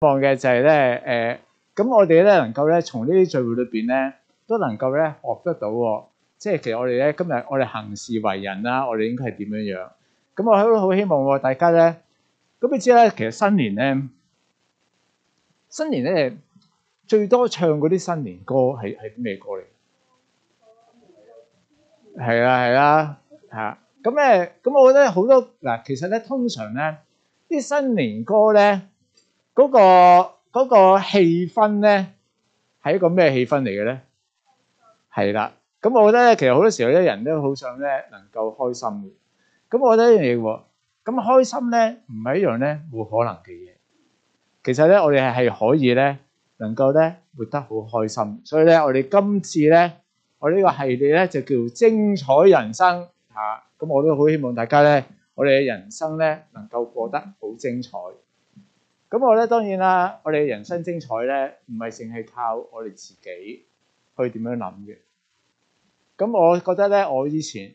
望嘅就係咧，誒，咁我哋咧能夠咧從呢啲聚會裏邊咧都能夠咧學得到，即係其實我哋咧今日我哋行事為人啦，我哋應該係點樣樣？咁我好都好希望大家咧，咁你知咧，其實新年咧，新年咧最多唱嗰啲新年歌係係咩歌嚟？係啦係啦吓，咁咧，咁我覺得好多嗱，其實咧通常咧啲新年歌咧。嗰個嗰個氣氛咧，係一個咩氣氛嚟嘅咧？係啦，咁我覺得咧，其實好多時候咧，人都好想咧能夠開心嘅。咁我覺得一樣嘢喎，咁開心咧唔係一樣咧冇可能嘅嘢。其實咧，我哋係可以咧，能夠咧活得好開心。所以咧，我哋今次咧，我呢個系列咧就叫精彩人生啊！咁我都好希望大家咧，我哋嘅人生咧能夠過得好精彩。咁我咧當然啦，我哋人生精彩咧，唔係淨係靠我哋自己去點樣諗嘅。咁我覺得咧，我以前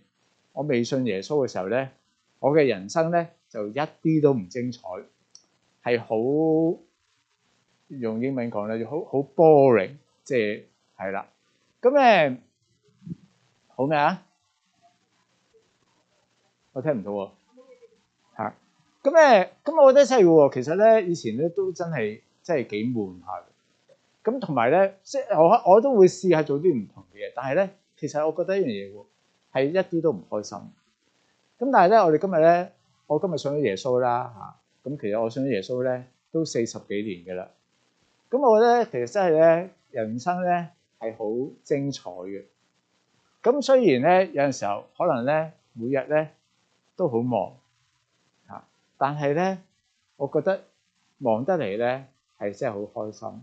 我未信耶穌嘅時候咧，我嘅人生咧就一啲都唔精彩，係好用英文講咧，就好好 boring，即係係啦。咁咧好咩啊？我聽唔到啊！咁咧，咁我覺得真係喎，其實咧以前咧都真係，真係幾悶下。咁同埋咧，即係我我都會試下做啲唔同嘅嘢，但係咧，其實我覺得一樣嘢喎，係一啲都唔開心。咁但係咧，我哋今日咧，我今日信咗耶穌啦嚇。咁其實我信咗耶穌咧，都四十幾年嘅啦。咁我覺得其實真係咧，人生咧係好精彩嘅。咁雖然咧有陣時候可能咧每日咧都好忙。但係咧，我覺得忙得嚟咧係真係好開心，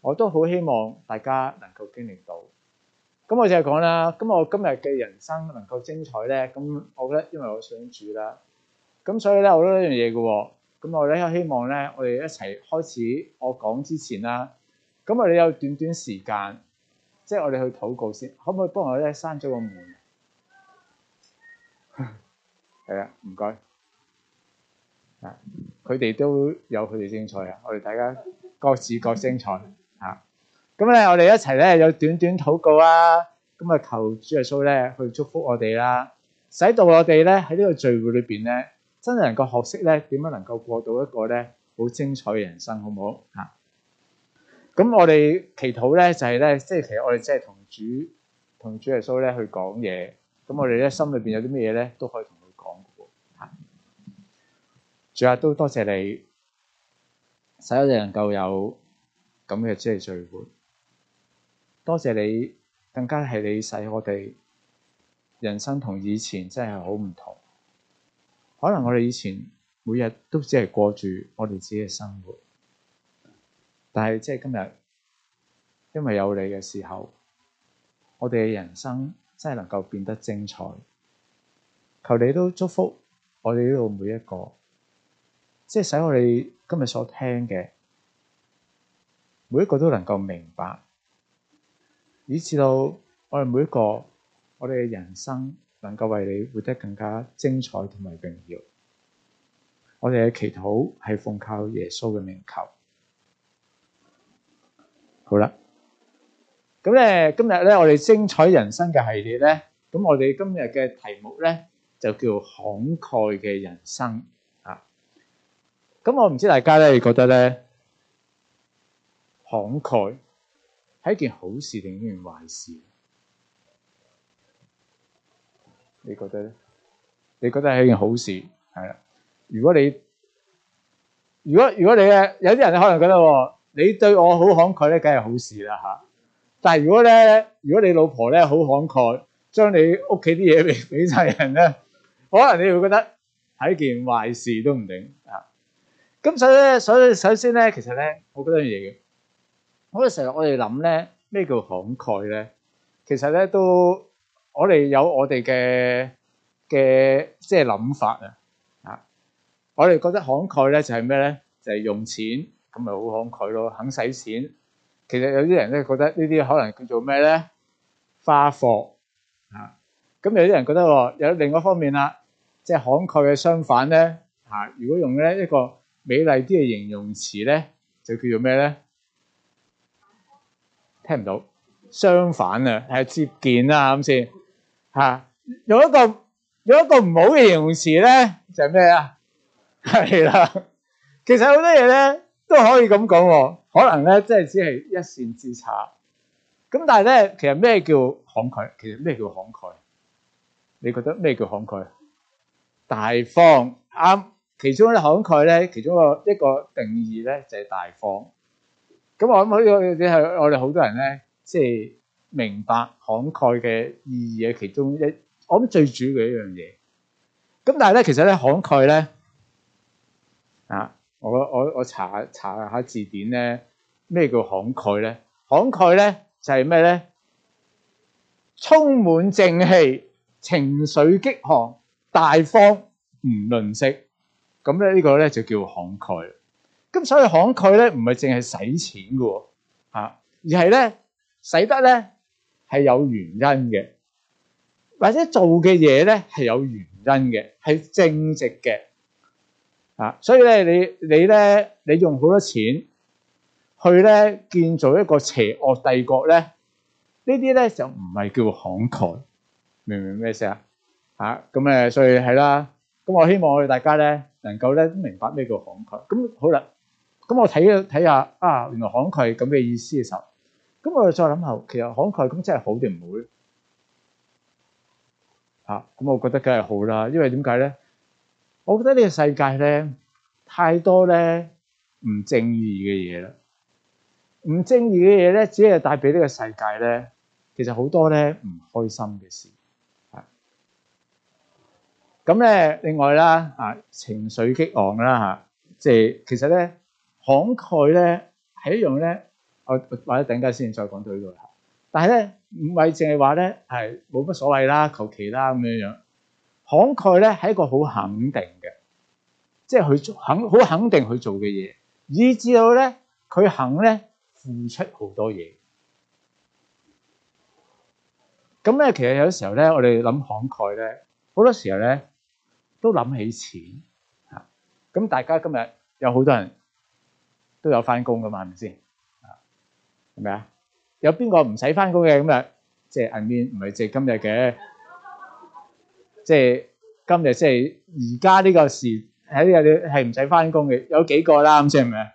我都好希望大家能夠經歷到。咁我就係講啦，咁我今日嘅人生能夠精彩咧，咁我覺得因為我想住啦，咁所以咧我一樣嘢嘅喎，咁我咧有希望咧，我哋一齊開始。我講之前啦，咁我哋有短短時間，即係我哋去禱告先，可唔可以幫我咧閂咗個門？係 啊，唔該。啊！佢哋都有佢哋精彩啊！我哋大家各自各自精彩吓。咁、啊、咧，我哋一齊咧有短短禱告啊。咁、嗯、啊，求主耶穌咧去祝福我哋啦、啊，使到我哋咧喺呢個聚會裏邊咧，真係能夠學識咧點樣能夠過到一個咧好精彩嘅人生，好唔好吓？咁、啊、我哋祈禱咧就係、是、咧，即係其實我哋即係同主同主耶穌咧去講嘢。咁我哋咧心裏邊有啲咩嘢咧都可以。同。最後都多謝你，使我哋能夠有咁嘅即係聚會。多謝你，更加係你使我哋人生同以前真係好唔同。可能我哋以前每日都只係過住我哋自己嘅生活，但係即係今日，因為有你嘅時候，我哋嘅人生真係能夠變得精彩。求你都祝福我哋呢度每一個。即係使我哋今日所聽嘅，每一個都能夠明白，以至到我哋每一個我哋嘅人生能夠為你活得更加精彩同埋榮耀。我哋嘅祈禱係奉靠耶穌嘅名求。好啦，咁咧今日咧我哋精彩人生嘅系列咧，咁我哋今日嘅題目咧就叫慷慨嘅人生。咁、嗯、我唔知大家咧，你覺得咧慷慨係一件好事定一件壞事？你覺得咧？你覺得係一件好事係啦。如果你如果如果你咧，有啲人可能覺得你對我好慷慨咧，梗係好事啦嚇。但係如果咧，如果你老婆咧好慷慨，將你屋企啲嘢俾俾晒人咧，可能你會覺得係一件壞事都唔定啊。咁所以咧，所以首先咧，其實咧，我覺得嘢嘅，常常我哋成日我哋諗咧，咩叫慷慨咧？其實咧都，我哋有我哋嘅嘅即係諗法啊！啊，我哋覺得慷慨咧就係咩咧？就係、是、用錢，咁咪好慷慨咯，肯使錢。其實有啲人咧覺得呢啲可能叫做咩咧？花貨啊！咁有啲人覺得喎、啊，有另外一方面啦，即係慷慨嘅相反咧，啊，如果用咧一個美麗啲嘅形容詞咧，就叫做咩咧？聽唔到。相反啊，係接見啦，咁先嚇。用有一個有一個唔好嘅形容詞咧，就係咩啊？係啦。其實好多嘢咧都可以咁講喎，可能咧真係只係一線之差。咁但係咧，其實咩叫慷慨？其實咩叫慷慨？你覺得咩叫慷慨？大方啱。其中咧慷慨咧，其中個一個定義咧就係大方。咁我諗可以，即係我哋好多人咧，即係明白慷慨嘅意義嘅其中一，我諗最主要嘅一樣嘢。咁但係咧，其實咧慷慨咧，啊，我我我查查下字典咧，咩叫慷慨咧？慷慨咧就係咩咧？充滿正氣，情緒激昂，大方，唔吝惜。咁咧呢個咧就叫慷慨，咁所以慷慨咧唔係淨係使錢噶，吓，而係咧使得咧係有原因嘅，或者做嘅嘢咧係有原因嘅，係正直嘅，啊，所以咧你你咧你用好多錢去咧建造一個邪惡帝國咧，呢啲咧就唔係叫慷慨，明唔明咩意思啊？吓，咁誒，所以係啦，咁我希望我哋大家咧。能夠咧明白咩叫慷慨，咁好啦，咁我睇睇下啊，原來慷慨咁嘅意思嘅時候，咁我再諗下，其實慷慨咁真係好定唔好咧？啊，咁我覺得梗係好啦，因為點解咧？我覺得呢個世界咧太多咧唔正義嘅嘢啦，唔正義嘅嘢咧，只係帶俾呢個世界咧，其實好多咧唔開心嘅事。咁咧，另外啦，啊，情緒激昂啦，嚇，即係其實咧，慷慨咧係一樣咧，我或者等間先再講到呢度嚇。但係咧，唔係淨係話咧係冇乜所謂啦，求其啦咁樣樣。慷慨咧係一個好肯定嘅，即係佢肯好肯定佢做嘅嘢，以至到咧佢肯咧付出好多嘢。咁咧，其實有時候咧，我哋諗慷慨咧，好多時候咧。都諗起錢吓，咁大家今日有好多人都有翻工噶嘛，係咪先？係咪啊？有邊個唔使翻工嘅咁啊？即係 I mean 唔係即係今日嘅？即係今日即係而家呢個時喺呢啲係唔使翻工嘅？有幾個啦，咁先係咪啊？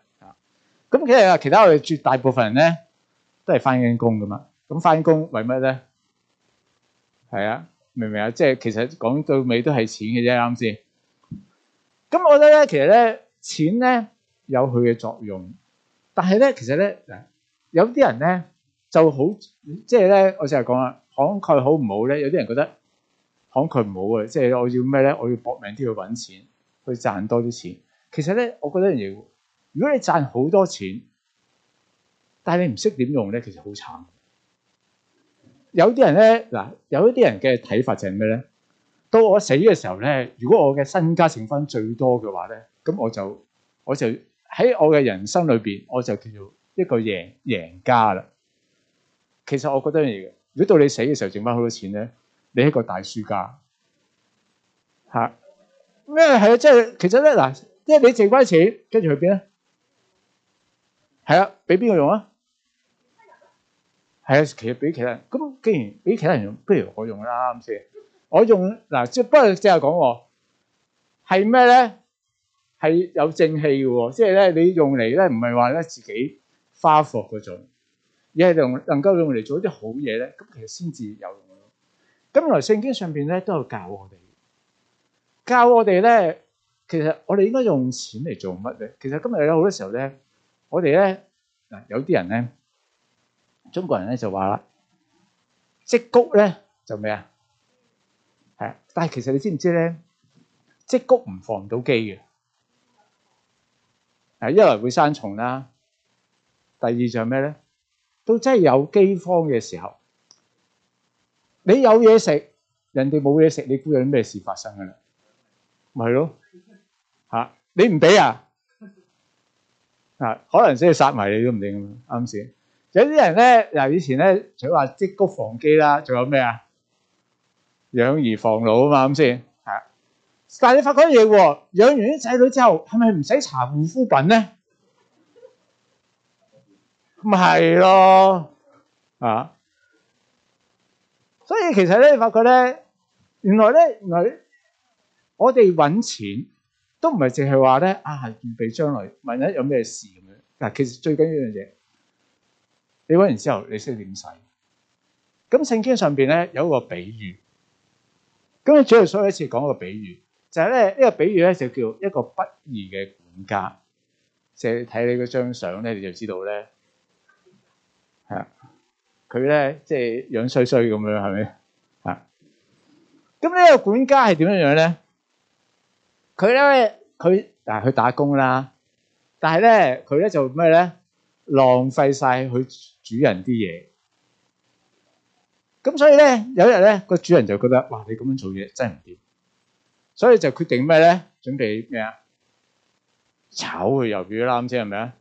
咁其實啊，其他我哋絕大部分人咧都係翻緊工噶嘛。咁翻工為乜咧？係啊。明唔明啊？即係其實講到尾都係錢嘅啫，啱先？咁我覺得咧，其實咧，錢咧有佢嘅作用，但係咧，其實咧，有啲人咧就好，即係咧，我成日講啊，慷慨好唔好咧？有啲人覺得慷慨唔好啊，即係我要咩咧？我要搏命啲去搵錢，去賺多啲錢。其實咧，我覺得樣嘢，如果你賺好多錢，但係你唔識點用咧，其實好慘。有啲人咧，嗱，有一啲人嘅睇法就係咩咧？到我死嘅時候咧，如果我嘅身家剩翻最多嘅話咧，咁我就我就喺我嘅人生裏邊，我就叫做一個贏贏家啦。其實我覺得一樣嘢，如果到你死嘅時候剩翻好多錢咧，你係一個大輸家。嚇咩係啊？即係其實咧，嗱，即係你剩翻錢，跟住去邊咧？係啊，俾邊個用啊？係啊，其實俾其他人咁，既然俾其他人用，不如我用啦咁先。我用嗱，即係不過即係講喎，係咩咧？係有正氣嘅喎，即係咧，你用嚟咧，唔係話咧自己花霍嗰種，而係能能夠用嚟做一啲好嘢咧，咁其實先至有用。咁原來聖經上邊咧都有教我哋，教我哋咧，其實我哋應該用錢嚟做乜咧？其實今日有好多時候咧，我哋咧嗱，有啲人咧。中國人咧就話啦，積谷咧就咩啊？係，但係其實你知唔知咧？積谷唔防到饑嘅，啊，一來會生蟲啦，第二就係咩咧？都真係有饑荒嘅時候，你有嘢食，人哋冇嘢食，你估有啲咩事發生噶啦？咪係咯，嚇你唔俾啊？啊，可能真係殺埋你都唔定啊！啱先。有啲人咧，嗱以前咧，除咗話積谷防饑啦，仲有咩啊？養兒防老啊嘛，咁先係啊。但係你發覺啲嘢喎，養完啲仔女之後，係咪唔使搽護膚品咧？咪係咯，啊！所以其實咧，你發覺咧，原來咧，原來我哋揾錢都唔係淨係話咧啊，預備將來萬一有咩事咁樣。嗱，其實最緊要一樣嘢。你搵完之後，你識點使？咁聖經上邊咧有一個比喻，咁啊主耶穌有一次講個比喻，就係咧呢個比喻咧就叫一個不義嘅管家。即係睇你嗰張相咧，你就知道咧，係啊，佢咧即係樣衰衰咁樣，係咪啊？咁呢個管家係點樣樣咧？佢咧佢誒去打工啦，但係咧佢咧就咩咧？浪費晒佢主人啲嘢，咁所以咧，有日咧個主人就覺得哇，你咁樣做嘢真係唔掂，所以就決定咩咧，準備咩啊？炒佢魷魚啦，啱先係咪啊？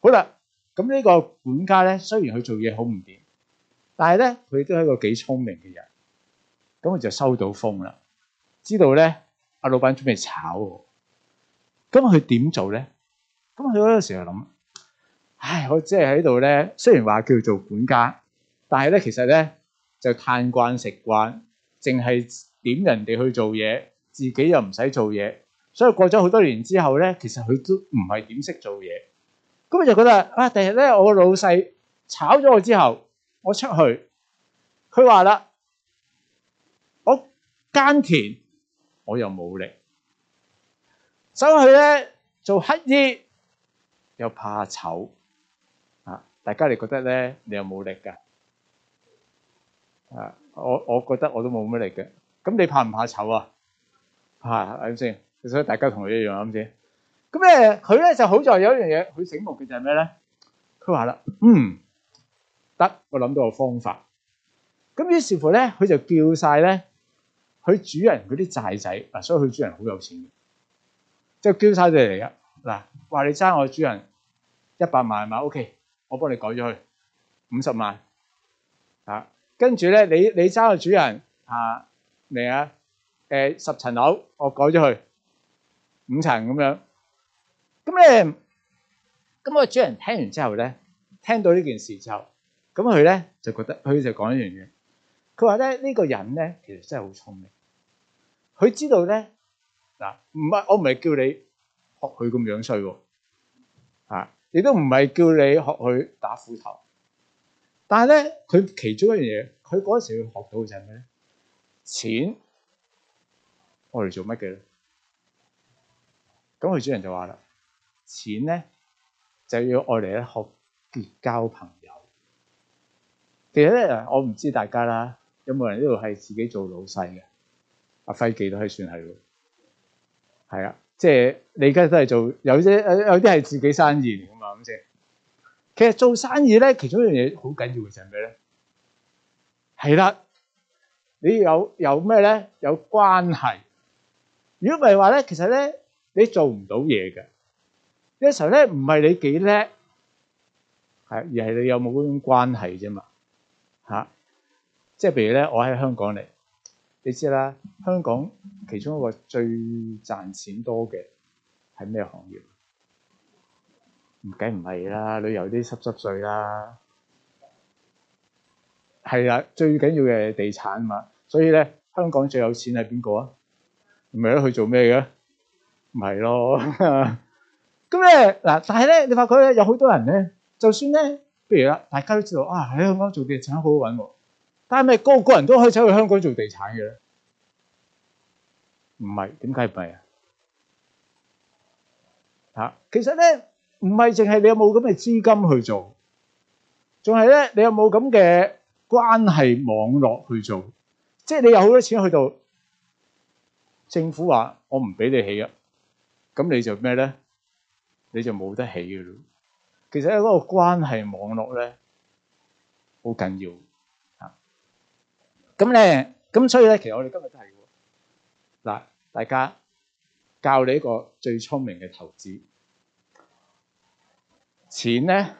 好啦，咁呢個管家咧，雖然佢做嘢好唔掂，但係咧佢都係一個幾聰明嘅人，咁佢就收到風啦，知道咧阿老闆準備炒我，咁佢點做咧？咁佢嗰陣時就諗。唉，我即係喺度咧。雖然話叫做管家，但係咧其實咧就嘆慣食慣，淨係點人哋去做嘢，自己又唔使做嘢。所以過咗好多年之後咧，其實佢都唔係點識做嘢。咁我就覺得啊，第日咧我個老細炒咗我之後，我出去，佢話啦，我耕田我又冇力，走去咧做乞衣又怕醜。大家你覺得咧，你有冇力噶？啊，我我覺得我都冇咩力嘅。咁你怕唔怕醜啊？嚇，係唔係先？所以大家同佢一樣係咪先。咁咧，佢咧就好在有一樣嘢，佢醒目嘅就係咩咧？佢話啦，嗯，得，我諗到個方法。咁於是乎咧，佢就叫曬咧，佢主人嗰啲債仔。嗱，所以佢主人好有錢嘅，即係叫曬佢嚟啊！嗱，話你爭我主人一百萬嘛？OK。我幫你改咗去五十萬啊，跟住咧你你揸個主人啊嚟啊誒，十層樓我改咗去五層咁樣，咁咧咁個主人聽完之後咧，聽到呢件事之後咁佢咧就覺得佢就講一樣嘢，佢話咧呢個人咧其實真係好聰明，佢知道咧嗱，唔係我唔係叫你學佢咁樣衰喎啊！亦都唔係叫你學去打斧頭，但係咧，佢其中一樣嘢，佢嗰陣時去學到嘅就係咩咧？錢，愛嚟做乜嘅咧？咁佢主人就話啦，錢咧就要愛嚟咧學結交朋友。其實咧，我唔知大家啦，有冇人呢度係自己做老細嘅？阿輝記都可以算係，係啊。即係你而家都係做有啲有啲係自己生意嚟㗎嘛咁先。其實做生意咧，其中一樣嘢好緊要嘅就係咩咧？係啦，你有有咩咧？有關係。如果唔係話咧，其實咧，你做唔到嘢嘅。有時候咧，唔係你幾叻，係而係你有冇嗰種關係啫嘛。吓！即係譬如咧，我喺香港嚟。你知啦，香港其中一個最賺錢多嘅係咩行業？唔計唔係啦，旅遊啲濕濕碎啦，係啊！最緊要嘅係地產嘛。所以咧，香港最有錢係邊個啊？唔係啊，去做咩嘅？唔係咯。咁咧嗱，但係咧，你發覺有好多人咧，就算咧，譬如啊，大家都知道啊，喺香港做地產好好揾喎。但係咪個個人都可以走去香港做地產嘅咧？唔係。點解唔係啊？吓，其實咧，唔係淨係你有冇咁嘅資金去做，仲係咧，你有冇咁嘅關係網絡去做？即係你有好多錢，去到政府話我唔俾你起啊，咁你就咩咧？你就冇得起嘅咯。其實喺嗰個關係網絡咧，好緊要。咁咧，咁所以咧，其實我哋今日都係喎。嗱，大家教你一個最聰明嘅投資，錢咧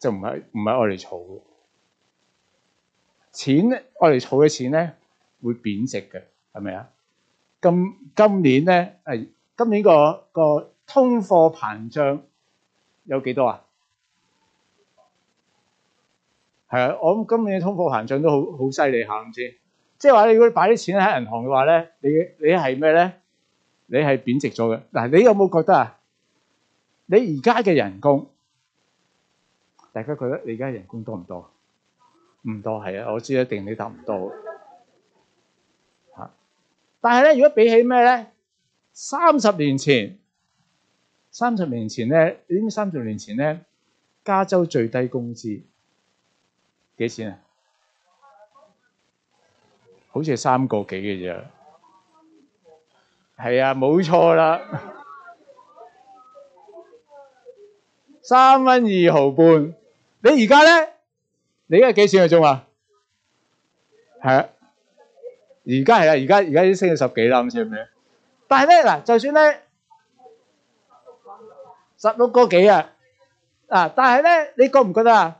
就唔係唔係我哋儲嘅。錢咧我哋儲嘅錢咧會貶值嘅，係咪啊？今今年咧係今年個個通貨膨脹有幾多啊？係啊，我諗今年嘅通貨膨脹都好好犀利下咁先，即係話你如果擺啲錢喺銀行嘅話咧，你你係咩咧？你係貶值咗嘅。嗱，你有冇覺得啊？你而家嘅人工，大家覺得你而家人工多唔多？唔多係啊，我知一定你得唔多答唔到。吓，但係咧，如果比起咩咧？三十年前，三十年前咧，已經三十年前咧，加州最低工資。幾錢啊？好似係三個幾嘅啫。係啊，冇錯啦，三蚊二毫半。你而家咧，你而家幾錢個鐘啊？係啊，而家係啊，而家而家已經升咗十幾啦，好似係咪？但係咧嗱，就算咧十六個幾啊，啊，但係咧，你覺唔覺得啊？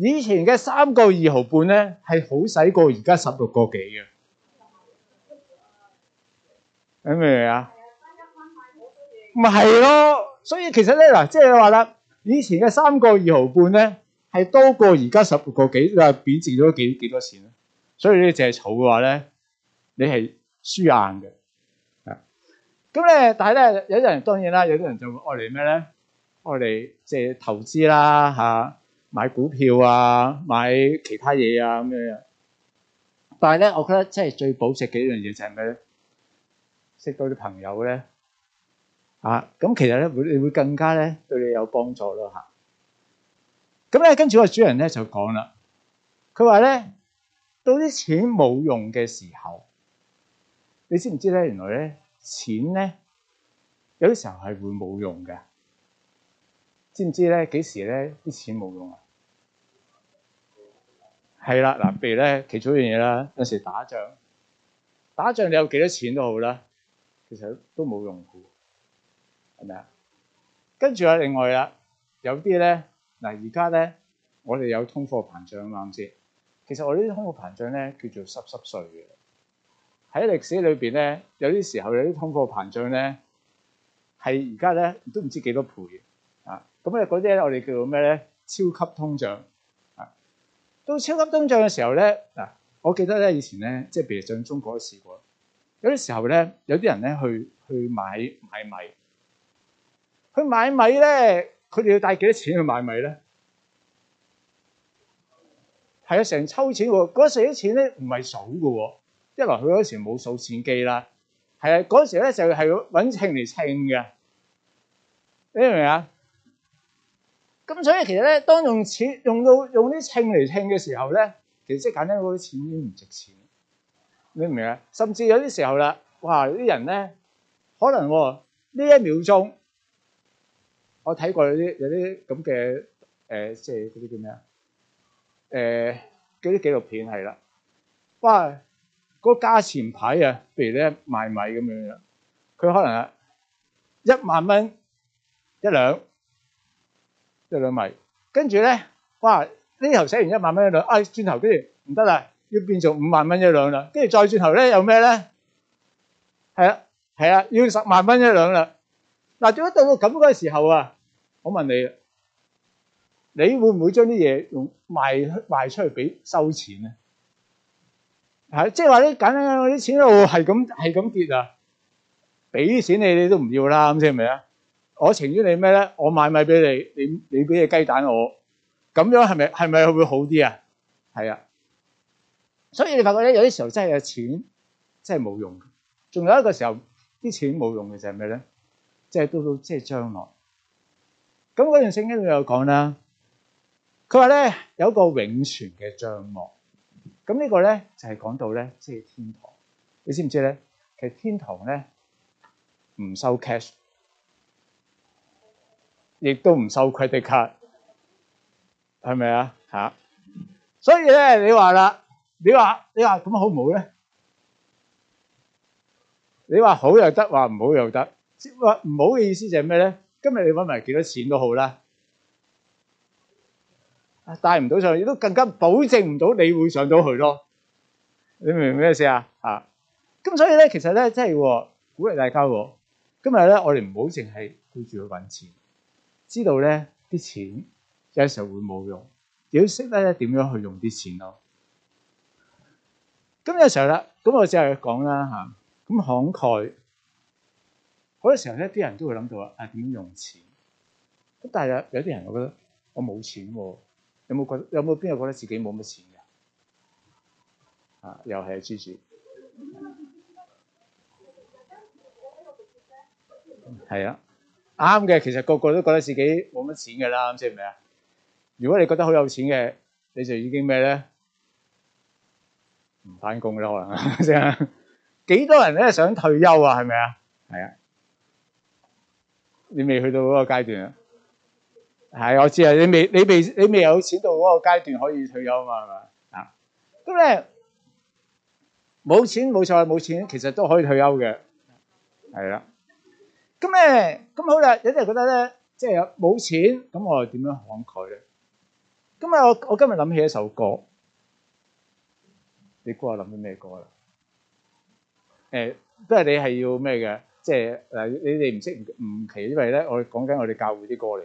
以前嘅三個二毫半咧，係好使過而家十六個幾嘅，明唔明啊？唔係咯，所以其實咧嗱，即係話啦，以前嘅三個二毫半咧，係多過而家十六個幾，就係貶值咗幾幾多錢啦。所以咧，淨係儲嘅話咧，你係輸硬嘅啊。咁咧，但係咧，有啲人當然啦，有啲人就會愛嚟咩咧？愛嚟即係投資啦嚇。買股票啊，買其他嘢啊，咁樣樣。但係咧，我覺得即係最保值嘅一樣嘢就係咩咧？識多啲朋友咧，啊，咁其實咧會你會更加咧對你有幫助咯吓。咁咧，跟住個主人咧就講啦，佢話咧到啲錢冇用嘅時候，你知唔知咧？原來咧錢咧有啲時候係會冇用嘅。知唔知咧？幾時咧啲錢冇用啊？係 啦樂，嗱，譬如咧，其中一樣嘢啦，有時打仗，打仗你有幾多錢都好啦，其實都冇用嘅，係咪啊？跟住啊，另外啦，有啲咧嗱，而家咧，我哋有通貨膨脹啊，啱先？其實我呢啲通貨膨脹咧，叫做濕濕碎嘅。喺歷史裏邊咧，有啲時候有啲通貨膨脹咧，係而家咧都唔知幾多倍。咁啊嗰啲咧，我哋叫做咩咧？超級通脹啊！到超級通脹嘅時候咧，嗱，啊，我記得咧以前咧，即係譬如像中國試過，有啲時候咧，有啲人咧去去買買米，去買米咧，佢哋要帶幾多錢去買米咧？係啊，成抽錢喎！嗰時啲錢咧唔係數嘅喎，一來佢嗰時冇數錢機啦，係啊，嗰時咧就係要揾秤嚟稱嘅，你明唔明啊？咁所以其實咧，當用錢用到用啲秤嚟稱嘅時候咧，其實即係簡單嗰啲錢已經唔值錢，你明唔明啊？甚至有啲時候啦，哇！有啲人咧可能呢、哦、一秒鐘，我睇過有啲有啲咁嘅誒，即係嗰啲叫咩啊？誒嗰啲紀錄片係啦，哇！嗰個價錢牌啊，譬如咧賣米咁樣樣，佢可能係一萬蚊一兩。一兩米，跟住咧，哇！呢頭寫完一萬蚊一兩，哎，轉頭跟住唔得啦，要變做五萬蚊一兩啦，跟住再轉頭咧有咩咧？係啊，係啊，要十萬蚊一兩啦。嗱，如果到到咁嘅時候啊，我問你啊，你會唔會將啲嘢用賣賣出去俾收錢咧？係，即係話啲簡單啲錢都係咁係咁結啊，俾啲錢你你都唔要啦，咁先係咪啊？我情願你咩咧？我買米俾你，你你俾隻雞蛋我，咁樣係咪係咪會好啲啊？係啊，所以你發覺咧，有啲時候真係有錢真係冇用，仲有一個時候啲錢冇用嘅就係咩咧？即係都到即係將來。咁嗰段聖經裏面又講啦，佢話咧，有一個永存嘅帳幕。咁呢個咧就係講到咧即係天堂。你知唔知咧？其實天堂咧唔收 cash。亦都唔收 credit card，係咪啊？吓，所以咧，你話啦，你話你話咁好唔好咧？你話好，好，好又得，話唔好又得。話唔好嘅意思就係咩咧？今日你搵埋幾多錢都好啦，帶唔到上去，亦都更加保證唔到你會上到去咯。你明唔明咩意思啊？吓、啊，咁所以咧，其實咧，即係鼓勵大家喎。今日咧，我哋唔好淨係顧住去搵錢。知道咧，啲錢有時候會冇用，要識得咧，點樣去用啲錢咯。咁有時候啦，咁我只係講啦嚇，咁慷慨好多時候咧，啲人都會諗到啊，點用錢？咁但係有啲人，我覺得我冇錢喎，有冇覺？有冇邊個覺得自己冇乜錢㗎？啊，又係啊，Gigi，係啊。啱嘅，其實個個都覺得自己冇乜錢嘅啦，啱先係咪啊？如果你覺得好有錢嘅，你就已經咩咧？唔翻工咯，可能先啊！幾 多人咧想退休啊？係咪啊？係啊！你未去到嗰個階段啊？係，我知啊！你未、你未、你未有錢到嗰個階段可以退休啊嘛？係咪啊？啊！咁咧，冇錢，冇錯，冇錢其實都可以退休嘅，係啦。咁咩？咁、嗯、好啦！有啲人覺得咧，即係冇錢，咁我又點樣慷慨咧？今日我我今日諗起一首歌，你估我諗啲咩歌啦？誒、欸，都係你係要咩嘅？即係嗱，你哋唔識唔奇因為咧，我講緊我哋教會啲歌嚟，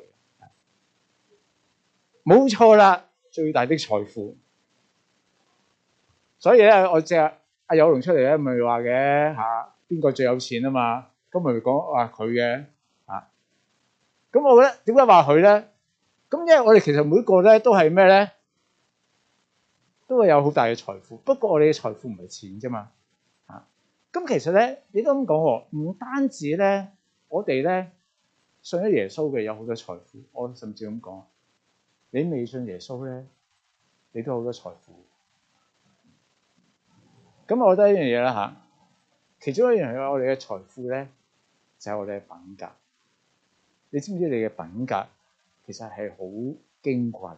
冇錯啦！最大的財富，所以咧，我只阿、啊、有龍出嚟咧，咪話嘅嚇，邊個最有錢啊？嘛？今日講話佢嘅啊，咁我覺得點解話佢咧？咁因為我哋其實每個咧都係咩咧？都會有好大嘅財富，不過我哋嘅財富唔係錢啫嘛啊！咁其實咧，你都咁講喎，唔單止咧，我哋咧信咗耶穌嘅有好多財富，我甚至咁講，你未信耶穌咧，你都好多財富。咁我覺得一樣嘢啦嚇，其中一樣嘢，我哋嘅財富咧。使我哋嘅品格，你知唔知？你嘅品格其實係好矜貴，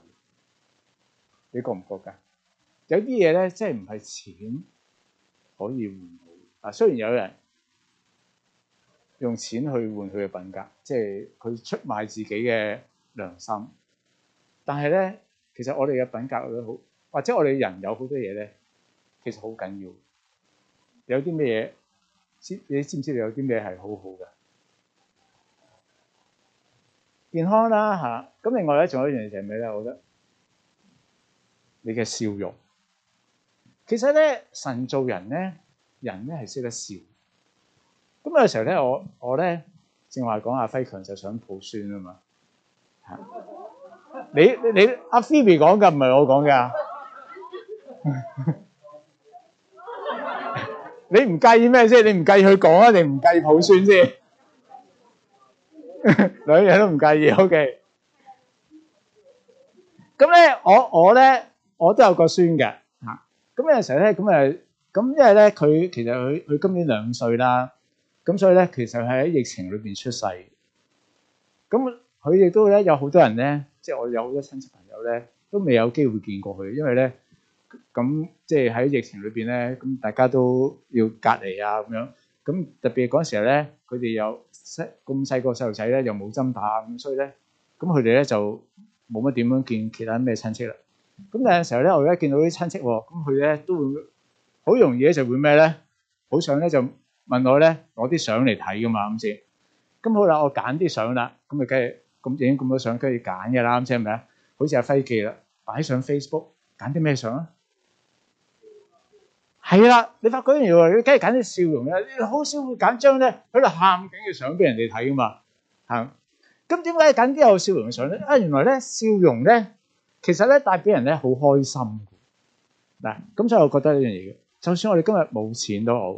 你覺唔覺㗎？有啲嘢咧，真係唔係錢可以換到。啊，雖然有人用錢去換佢嘅品格，即係佢出賣自己嘅良心，但係咧，其實我哋嘅品格，都好，或者我哋人有好多嘢咧，其實好緊要。有啲咩嘢先？你知唔知？你有啲咩係好好嘅？健康啦嚇，咁另外咧仲有一樣嘢就係咩咧？我覺得你嘅笑容，其實咧神造人咧，人咧係識得笑。咁有時候咧，我我咧正話講阿輝強就想抱孫啊嘛嚇，你你阿菲比講噶唔係我講噶，你唔介意咩啫？你唔介意佢講啊，定唔介意抱孫先？兩樣都唔介意，OK。咁咧，我我咧，我都有個孫嘅，吓。咁有陣時咧，咁誒，咁因為咧，佢其實佢佢今年兩歲啦，咁所以咧，其實係喺疫情裏邊出世。咁佢亦都咧有好多人咧，即係我有好多親戚朋友咧，都未有機會見過佢，因為咧，咁即係喺疫情裏邊咧，咁大家都要隔離啊，咁樣。咁特別嗰陣時候咧，佢哋又細咁細個細路仔咧，又冇針打咁，所以咧，咁佢哋咧就冇乜點樣見其他咩親戚啦。咁有陣時候咧，我而家見到啲親戚喎，咁佢咧都會好容易咧就會咩咧，好想咧就問我咧攞啲相嚟睇噶嘛，啱唔啱先？咁好啦，我揀啲相啦，咁咪梗係咁已經咁多相，梗係揀嘅啦，啱先係咪啊？好似阿輝記啦，擺上 Facebook 揀啲咩相？係啦，你發覺呢樣嘢，你梗係揀啲笑容啦，你好少會揀張咧喺度喊緊嘅相俾人哋睇噶嘛，係。咁點解揀啲有笑容嘅相咧？啊，原來咧笑容咧，其實咧帶俾人咧好開心嗱。咁所以我覺得呢樣嘢，就算我哋今日冇錢都好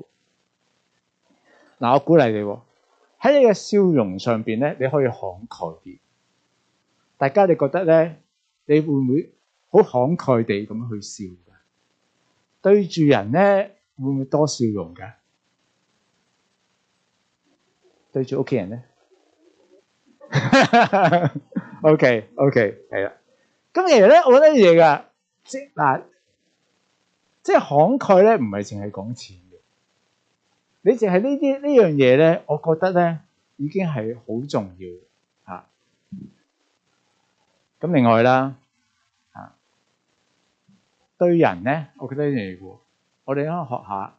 嗱，我鼓勵你喺你嘅笑容上邊咧，你可以慷慨啲。大家你覺得咧，你會唔會好慷慨地咁樣去笑？對住人咧，會唔會多笑容噶？對住屋企人咧，OK OK，係啦。咁其實咧，我覺得嘢噶，即係嗱，即係慷慨咧，唔係淨係講錢嘅。你淨係呢啲呢樣嘢咧，我覺得咧，已經係好重要吓。咁另外啦。對人咧，我覺得一樣嘢喎，我哋應該學下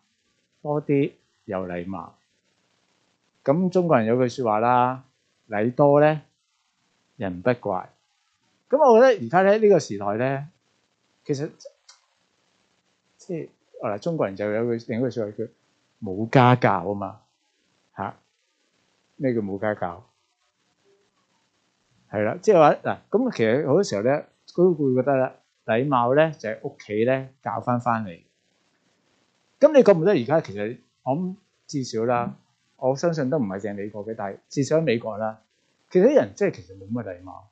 多啲有禮貌。咁中國人有句説話啦，禮多咧，人不怪。咁我覺得而家喺呢個時代咧，其實即係嗱，中國人就有句另一句説話叫冇家教啊嘛嚇。咩叫冇家教？係啦，即係話嗱，咁其實好多時候咧，都會覺得啦。禮貌咧就喺屋企咧搞翻翻嚟。咁你覺唔覺得而家其實我至少啦，我相信都唔係淨係美國嘅，但係至少喺美國啦，其實啲人即係其實冇乜禮貌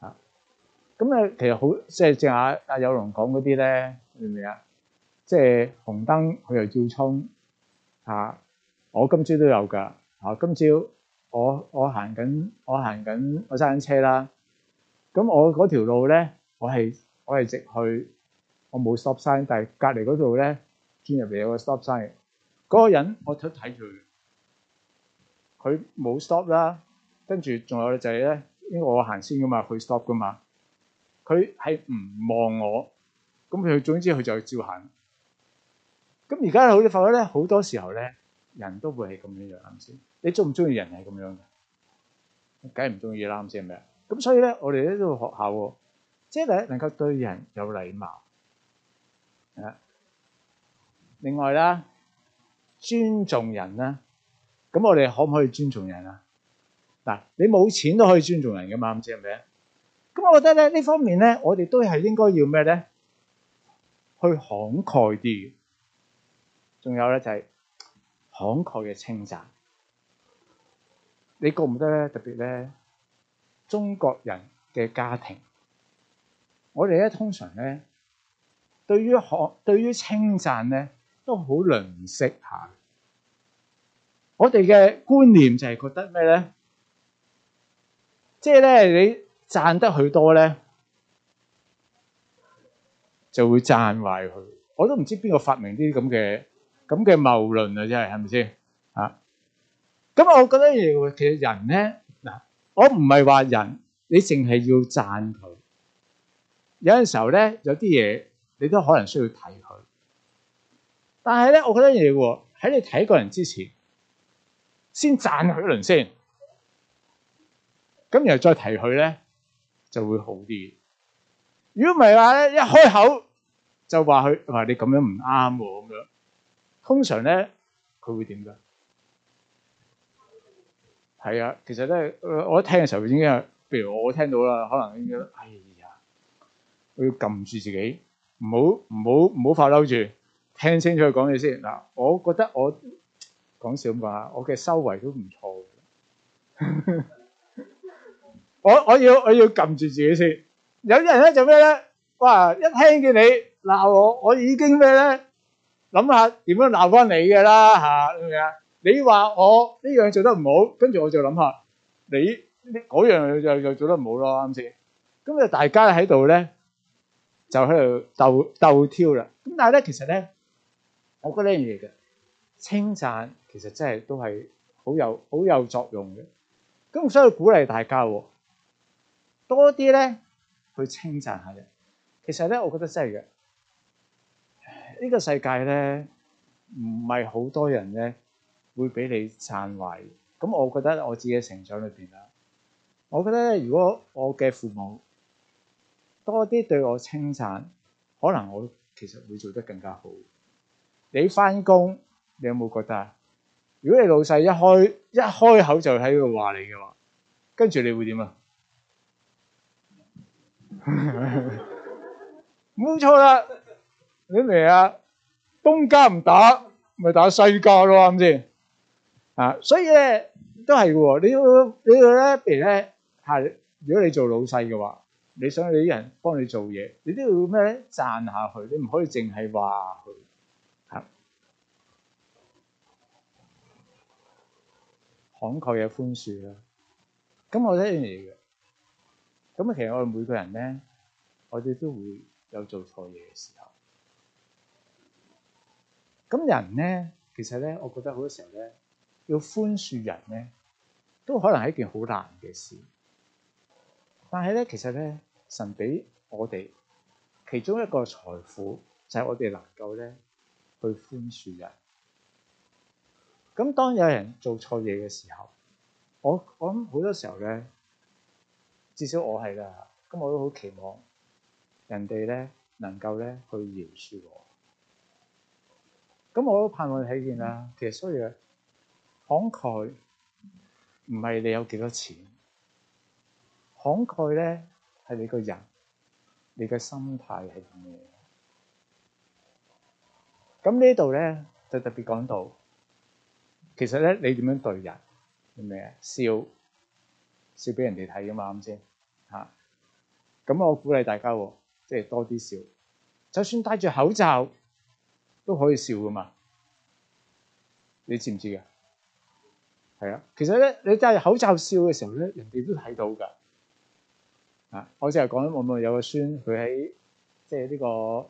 嚇。咁啊，其實好即係正話阿友龍講嗰啲咧，明唔明啊？即係紅燈佢又照衝嚇，我今朝都有噶嚇。今朝我我行緊，我行緊，我揸緊車啦。咁我嗰條路咧～我係我係直去，我冇 stopsign，但係隔離嗰度咧轉入嚟有個 stopsign，嗰個人我都睇住，佢冇 stop 啦。跟住仲有就係咧，因為我行先噶嘛，佢 stop 噶嘛，佢係唔望我，咁佢總之佢就去照行。咁而家好似發覺咧，好多時候咧人都會係咁樣樣，啱先。你中唔中意人係咁樣？梗係唔中意啦，啱先係咪啊？咁所以咧，我哋喺呢個學校喎。即係能夠對人有禮貌，另外啦，尊重人啦，咁我哋可唔可以尊重人啊？嗱，你冇錢都可以尊重人㗎嘛，唔知係咪？咁我覺得咧，呢方面咧，我哋都係應該要咩咧？去慷慨啲，仲有咧就係慷慨嘅稱讚。你覺唔得咧？特別咧，中國人嘅家庭。我哋咧通常咧，對於學對於稱讚咧，都好吝嗇下。我哋嘅觀念就係覺得咩咧？即係咧，你讚得佢多咧，就會讚壞佢。我都唔知邊個發明啲咁嘅咁嘅謬論啊！真係係咪先啊？咁我覺得嘅其實人咧嗱，我唔係話人，你淨係要讚佢。有陣時候咧，有啲嘢，你都可能需要睇佢，但係咧，我覺得一樣嘢喎，喺你睇個人之前，先讚佢一輪先，咁然後再提佢咧就會好啲。如果唔係話咧，一開口就話佢，話你咁樣唔啱咁樣，通常咧佢會點噶？係啊，其實咧我一聽嘅時候已經啊，譬如我聽到啦，可能已經哎。我要撳住自己，唔好唔好唔好發嬲住，聽清楚佢講嘢先。嗱，我覺得我講笑咁講啊，我嘅收圍都唔錯。我我要我要撳住自己先。有啲人咧就咩咧？哇！一聽見你鬧我，我已經咩咧？諗下點樣鬧翻你嘅啦嚇？明唔明啊？你話我呢樣做得唔好，跟住我就諗下你嗰樣又又做得唔好咯啱先。咁啊，大家喺度咧，就喺度斗斗挑啦，咁但係咧，其實咧，我覺得呢樣嘢嘅稱讚，其實真係都係好有好有作用嘅。咁所以鼓勵大家喎，多啲咧去稱讚下人。其實咧，我覺得真係嘅呢個世界咧，唔係好多人咧會俾你讚美。咁我覺得我自己嘅成長裏邊啦，我覺得咧，如果我嘅父母。多啲對我稱讚，可能我其實會做得更加好。你翻工，你有冇覺得啊？如果你老細一開一開口就喺度話你嘅話，跟住你會點啊？冇錯啦，你明啊？東家唔打，咪打西家咯，唔知啊？所以咧都係嘅。你你咧，譬如咧係，如果你做老細嘅話。你想你啲人幫你做嘢，你都要咩咧？讚下去，你唔可以淨係話佢，嚇。慷慨嘅寬恕啦。咁我睇樣嘢嘅，咁其實我哋每個人咧，我哋都會有做錯嘢嘅時候。咁人咧，其實咧，我覺得好多時候咧，要寬恕人咧，都可能係一件好難嘅事。但係咧，其實咧，神俾我哋其中一個財富，就係、是、我哋能夠咧去寬恕人。咁當有人做錯嘢嘅時候，我我諗好多時候咧，至少我係啦。咁我都好期望人哋咧能夠咧去饒恕我。咁我都盼望睇見啦。其實所以咧，慷慨唔係你有幾多錢，慷慨咧。係你個人，你嘅心態係咩？咁呢度咧就特別講到，其實咧你點樣對人，咩啊笑，笑俾人哋睇噶嘛，啱先吓。咁、啊、我鼓勵大家，哦、即係多啲笑，就算戴住口罩都可以笑噶嘛。你知唔知噶？係啊，其實咧你戴住口罩笑嘅時候咧，人哋都睇到噶。啊！我只係講，我咪有個孫，佢喺即係呢個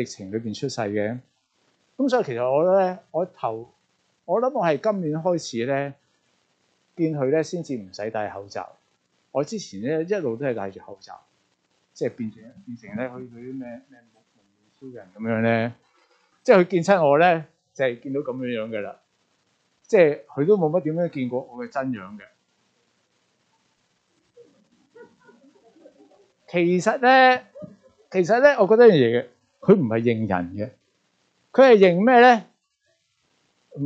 疫情裏邊出世嘅。咁所以其實我覺得咧，我頭我諗我係今年開始咧，見佢咧先至唔使戴口罩。我之前咧一路都係戴住口罩，即係變成變成咧佢佢咩咩木木超人咁樣咧。即係佢見親我咧，就係、是、見到咁樣樣嘅啦。即係佢都冇乜點樣見過我嘅真樣嘅。其實咧，其實咧，我覺得嘢，佢唔係認人嘅，佢係認咩咧？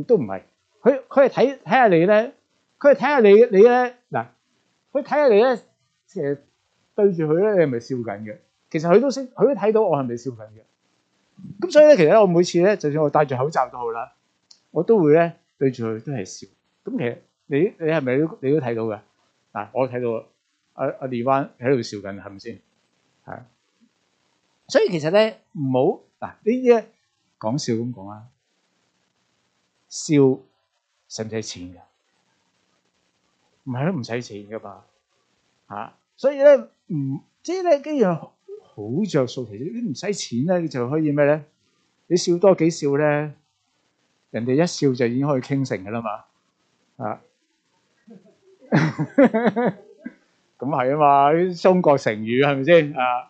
都唔係，佢佢係睇睇下你咧，佢係睇下你你咧嗱，佢睇下你咧，其實對住佢咧，你係咪笑緊嘅？其實佢都識，佢都睇到我係咪笑緊嘅。咁所以咧，其實咧，我每次咧，就算我戴住口罩都好啦，我都會咧對住佢都係笑。咁其實你你係咪都你都睇到嘅嗱？我睇到啦。阿阿利灣喺度笑緊，係咪先？係啊，所以其實咧，唔好嗱呢啲講笑咁講啊，笑使唔使錢噶？唔係都唔使錢噶嘛？吓，所以咧唔即係咧呢樣好着數嘅，你唔使錢咧，你就可以咩咧？你笑多幾笑咧，人哋一笑就已經可以傾成噶啦嘛，啊。 咁係啊嘛，啲中國成語係咪先啊？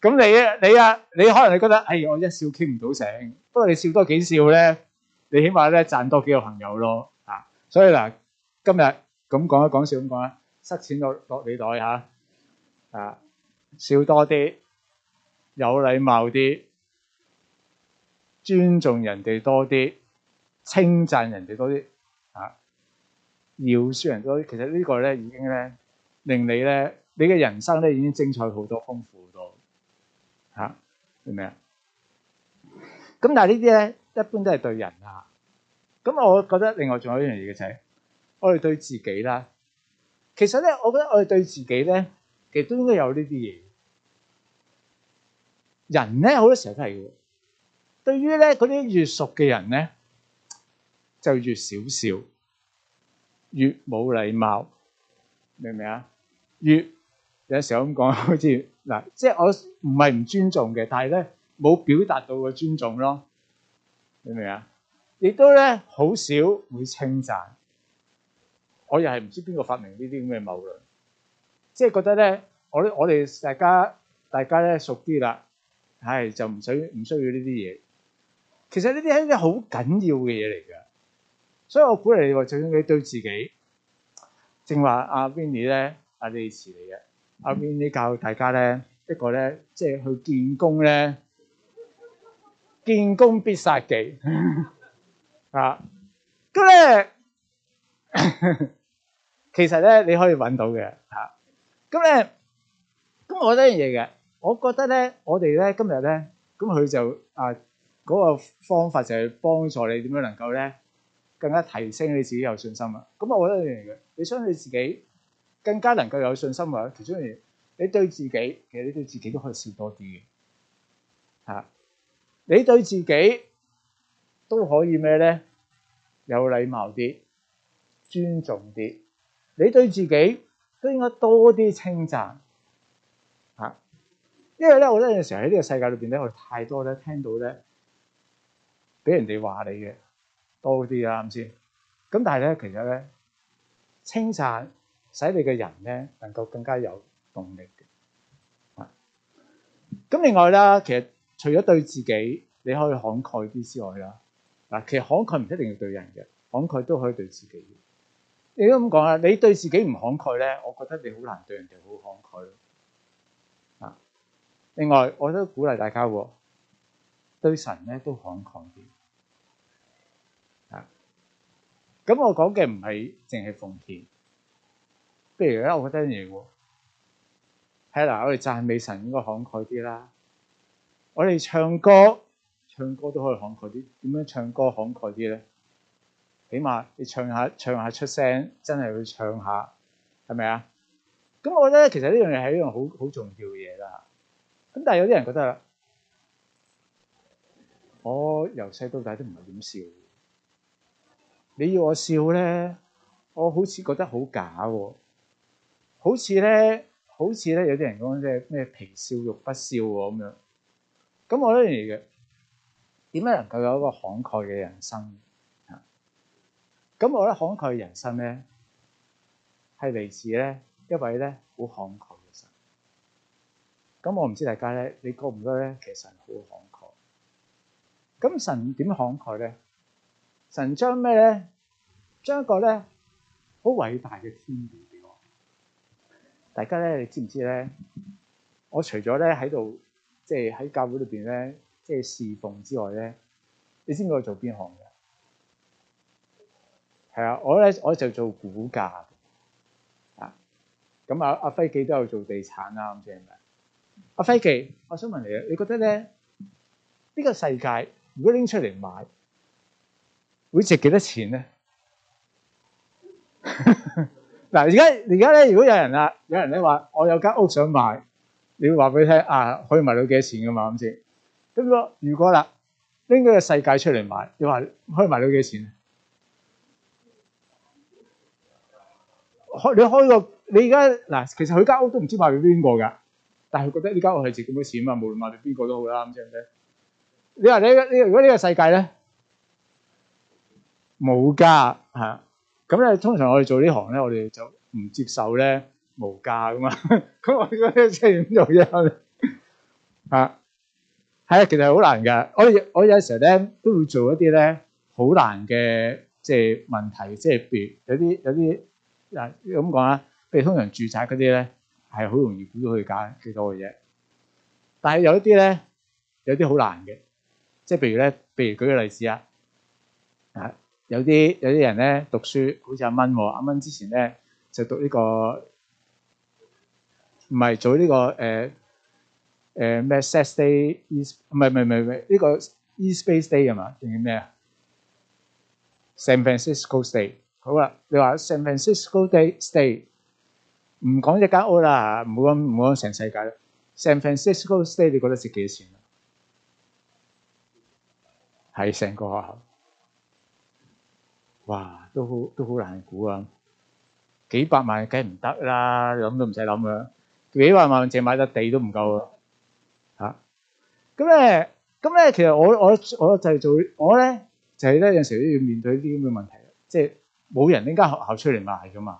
咁你你啊，你可能你覺得，哎，我一笑傾唔到城，不過你笑多幾笑咧，你起碼咧賺多幾個朋友咯啊！所以嗱，今日咁講一講笑咁講啦，塞錢落落你袋嚇啊，笑多啲，有禮貌啲，尊重人哋多啲，稱讚人哋多啲啊，要輸人多啲，其實呢個咧已經咧。令你咧，你嘅人生咧已經精彩好多，豐富好多，吓明唔明啊？咁但係呢啲咧，一般都係對人啊。咁我覺得另外仲有一樣嘢嘅就係，我哋對自己啦。其實咧，我覺得我哋對自己咧，其實都應該有呢啲嘢。人咧好多時候都係，對於咧嗰啲越熟嘅人咧，就越少少，越冇禮貌。明唔明啊？越有時候咁講，好似嗱，即係我唔係唔尊重嘅，但係咧冇表達到個尊重咯。明唔明啊？亦都咧好少會稱讚。我又係唔知邊個發明呢啲咁嘅謬論，即係覺得咧，我我哋大家大家咧熟啲啦，係就唔使唔需要呢啲嘢。其實呢啲係一啲好緊要嘅嘢嚟嘅，所以我本嚟話，就算你對自己。正話阿 Vinny 咧，阿李慈嚟嘅。阿 Vinny 教大家咧，一個咧，即係去建功咧，建功必殺技啊。咁咧，其實咧，你可以揾到嘅嚇。咁咧，咁我覺得一樣嘢嘅，我覺得咧，我哋咧今日咧，咁佢就啊嗰個方法就係幫助你點樣能夠咧。更加提升你自己有信心啦。咁啊，我覺得一樣嘅，你相信自己更加能夠有信心。或者其中一樣嘢，你對自己其實你對自己都可以試多啲嘅。嚇、啊，你對自己都可以咩咧？有禮貌啲，尊重啲。你對自己都應該多啲稱讚。嚇、啊，因為咧，我覺得有時候喺呢個世界裏邊咧，我太多咧聽到咧，俾人哋話你嘅。多啲啊，咁先。咁但係咧，其實咧，清查使你嘅人咧，能夠更加有動力嘅。咁、啊、另外啦，其實除咗對自己你可以慷慨啲之外啦，嗱，其實慷慨唔一定要對人嘅，慷慨都可以對自己。你都咁講啦，你對自己唔慷慨咧，我覺得你好難對人哋好慷慨啊，另外我都鼓勵大家喎、啊，對神咧都慷慨啲。咁我講嘅唔係淨係奉獻，譬如咧，我覺得嘢喎，係啦，我哋讚美神應該慷慨啲啦，我哋唱歌，唱歌都可以慷慨啲，點樣唱歌慷慨啲咧？起碼你唱下唱下出聲，真係去唱下，係咪啊？咁我覺得其實呢樣嘢係一樣好好重要嘅嘢啦。咁但係有啲人覺得啦，我由細到大都唔係點笑。你要我笑咧，我好似覺得好假喎，好似咧，好似咧，有啲人講，即係咩皮笑肉不笑喎，咁樣。咁我覺得嘅，點樣能夠有一個慷慨嘅人生？嚇！咁我覺得慷慨嘅人生咧，係嚟自咧一位咧好慷慨嘅神。咁我唔知大家咧，你覺唔覺得咧，其實神好慷慨？咁神點慷慨咧？神將咩咧？將一個咧好偉大嘅天地俾我。大家咧，你知唔知咧？我除咗咧喺度，即係喺教會裏邊咧，即係侍奉之外咧，你知唔知我做邊行嘅？係啊，我咧我就做估價啊，咁阿阿飛記都有做地產啦，咁即係咪？阿飛記，我想問你啊，你覺得咧呢、呢個世界如果拎出嚟買？會值幾多錢咧？嗱，而家而家咧，如果有人啊，有人咧話，我有間屋想買，你要話俾佢聽啊，可以賣到幾多錢噶嘛？咁先。咁如果，如果啦拎呢個世界出嚟買，你話可以賣到幾多錢？開你開個你而家嗱，其實佢間屋都唔知賣俾邊個噶，但係佢覺得呢間屋係值咁多錢啊嘛，無論賣俾邊個都好啦，咁先唔該。你話你呢？如果呢個世界咧？冇價嚇，咁咧通常我哋做呢行咧，我哋就唔接受咧無價噶嘛。咁我覺得即係點做啫？嚇，係啊，其實係好難噶。我我有時候咧都會做一啲咧好難嘅即係問題，即係譬如有啲有啲嗱咁講啦。譬如通常住宅嗰啲咧係好容易估到佢價幾多嘅啫，但係有一啲咧有啲好難嘅，即係譬如咧，譬如舉個例子啊。有啲有啲人咧讀書，好似阿蚊喎，阿蚊之前咧就讀呢個，唔係做呢個誒誒咩？Saturday e a s 唔係唔係唔係呢個 e s p a c e Day 啊嘛，定係咩啊？San Francisco State。好啦，你話 San Francisco Day State 唔講一間屋啦，唔講唔講成世界啦。San Francisco State 你覺得值幾錢啊？係成個學校。哇，都好都好難估啊！幾百萬梗係唔得啦，諗都唔使諗啦。幾百萬淨買得地都唔夠啊！嚇咁咧，咁咧，其實我我我就係做我咧，就係咧有陣時都要面對啲咁嘅問題啊！即係冇人拎間學校出嚟賣噶嘛，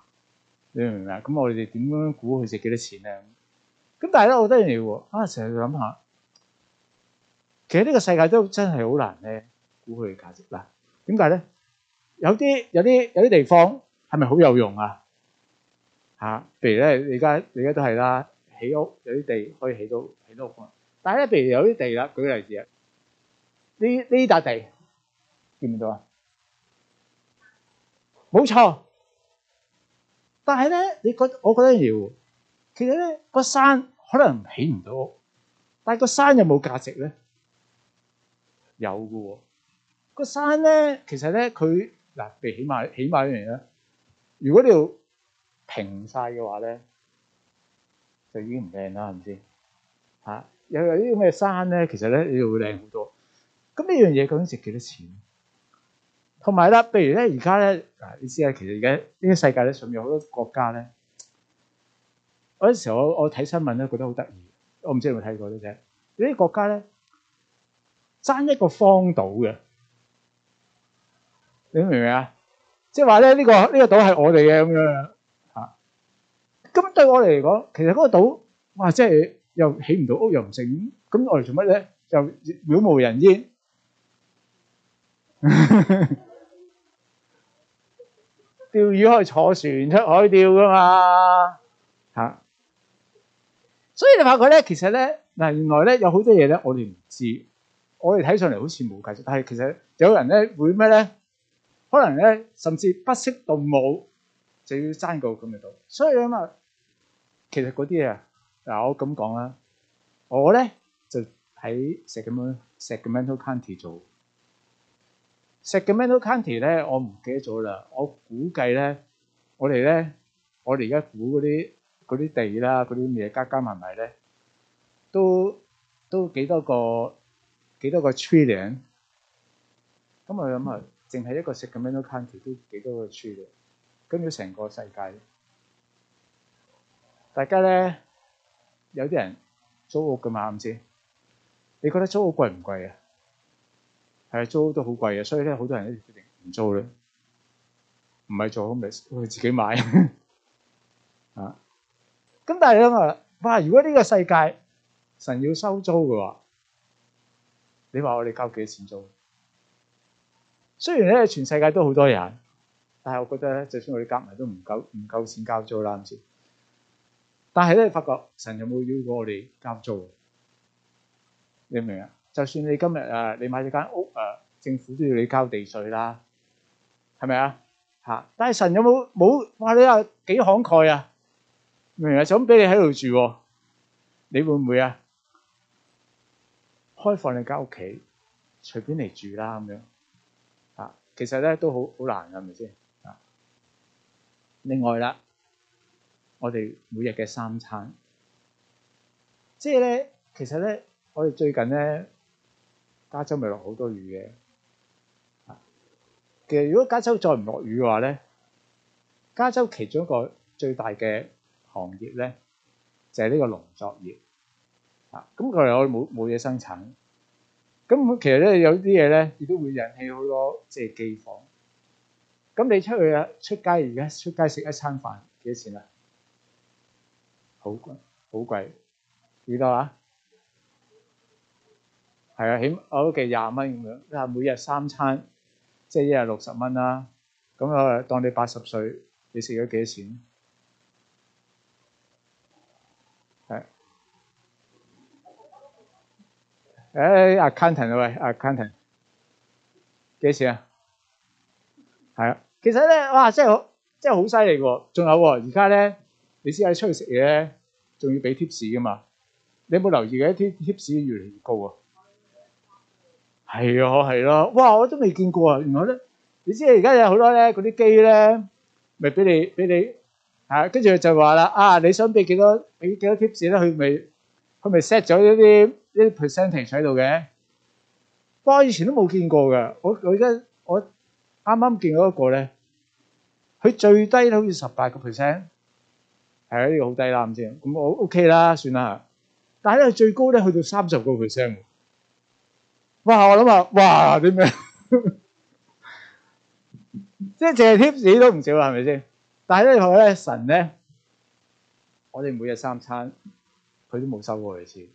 你明唔明啊？咁我哋點樣估佢值幾多錢咧？咁但係咧，我覺得一樣嘢喎啊！成日諗下，其實呢個世界都真係好難咧估佢嘅價值喇。點解咧？有啲有啲有啲地方係咪好有用啊？嚇，譬如咧，你而家你而家都係啦，起屋有啲地可以起到起到屋。但係咧，譬如有啲地啦，舉個例子啊，呢呢笪地見唔到啊？冇錯，但係咧，你覺我覺得要，其實咧個山可能起唔到屋，但係個山有冇價值咧？有㗎喎，個山咧其實咧佢。嗱，你起碼起碼一樣嘢，如果你要平晒嘅話咧，就已經唔靚啦，係咪先？嚇、啊，又有呢啲咩山咧，其實咧你會靚好多。咁呢樣嘢究竟值幾多錢？同埋咧，譬如咧而家咧，你知啦，其實而家呢個世界咧上面好多國家咧，嗰陣時候我睇新聞咧覺得好得意，我唔知有有你有冇睇過啫。呢啲國家咧爭一個荒島嘅。你明唔明啊？即係話咧，呢個呢個島係我哋嘅咁樣啊。咁對我嚟講，其實嗰個島哇，即係又起唔到屋，又唔成，咁我哋做乜咧？就渺無人煙，釣魚可以坐船出海釣噶嘛？吓，所以你發覺咧，其實咧嗱，原來咧有好多嘢咧，我哋唔知，我哋睇上嚟好似冇計數，但係其實有人咧會咩咧？可能咧，甚至不惜動武就要爭個咁嘅度，所以吖嘛，其實嗰啲嘢，嗱我咁講啦，我咧就喺 segmental segmental county 做 segmental county 咧，我唔記得咗啦，我估計咧，我哋咧，我哋而家估嗰啲嗰啲地啦，嗰啲嘢加加埋埋咧，都都幾多個幾多個 trillion，咁我諗下。淨係一個 Sacramento County 都幾多個村理。跟住成個世界，大家咧，有啲人租屋㗎嘛，唔知你覺得租屋貴唔貴啊？係啊，租屋都好貴啊，所以咧好多人一定唔租啦，唔係租咪自己買啊！咁 但係你啊，哇！如果呢個世界神要收租嘅話，你話我哋交幾多錢租？雖然咧全世界都好多人，但係我覺得咧，就算我哋夾埋都唔夠唔夠錢交租啦。咁先，但係咧發覺神有冇要過我哋交租？你明唔明啊？就算你今日啊，你買咗間屋啊，政府都要你交地稅啦，係咪啊？吓，但係神有冇冇哇？你又幾慷慨啊？明唔明啊？想俾你喺度住，你會唔會啊？開放你間屋企，隨便嚟住啦，咁樣。其實咧都好好難，係咪先？另外啦，我哋每日嘅三餐，即係咧，其實咧，我哋最近咧，加州咪落好多雨嘅。其實如果加州再唔落雨嘅話咧,加州其中一個最大嘅行業咧就係呢個農作業。啊,咁佢哋又冇冇嘢生產。咁其實咧有啲嘢咧亦都會引起好多即係記訪。咁你出去啊，出街而家出街食一餐飯幾多錢啊？好貴好貴，幾多啊？係啊，起碼我都計廿蚊咁樣。即係每日三餐，即係一日六十蚊啦。咁我當你八十歲，你食咗幾多錢啊？誒阿 Accountant 啊喂，阿 Accountant 幾多錢啊？係啊，其實咧哇，真係好，真係好犀利喎！仲有喎，而家咧你知啊，出去食嘢咧，仲要俾 tips 噶嘛？你有冇留意嘅一啲 tips 越嚟越高啊？係啊，係咯，哇，我都未見過啊！原來咧，你知啊，而家有好多咧，嗰啲機咧，咪俾你俾你嚇，跟住佢就話啦啊，你想俾幾多俾幾多 tips 咧？佢咪佢咪 set 咗一啲。呢啲 percentage 喺度嘅，哇！我以前都冇見過嘅，我我而家我啱啱見到一個咧，佢最低都好似十八個 percent，係啊，呢個好低啦咁先，咁我 OK 啦，算啦。但係咧佢最高咧去到三十個 percent，哇！我諗下，哇！點樣？ 即係淨係 tips 都唔少啦，係咪先？但係咧，佢咧神咧，我哋每日三餐，佢都冇收過一次。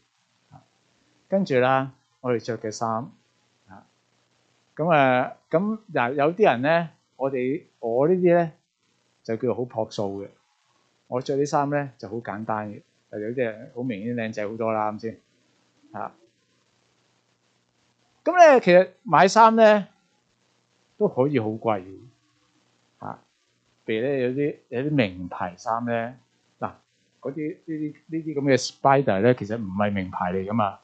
跟住啦，我哋著嘅衫啊，咁誒，咁嗱，有啲人咧，我哋我呢啲咧就叫做好樸素嘅。我著啲衫咧就好簡單嘅，有啲人好明顯靚仔好多啦，啱先啊。咁咧，其實買衫咧都可以好貴嘅，啊，譬如咧有啲有啲名牌衫咧，嗱嗰啲呢啲呢啲咁嘅 Spider 咧，其實唔係名牌嚟㗎嘛。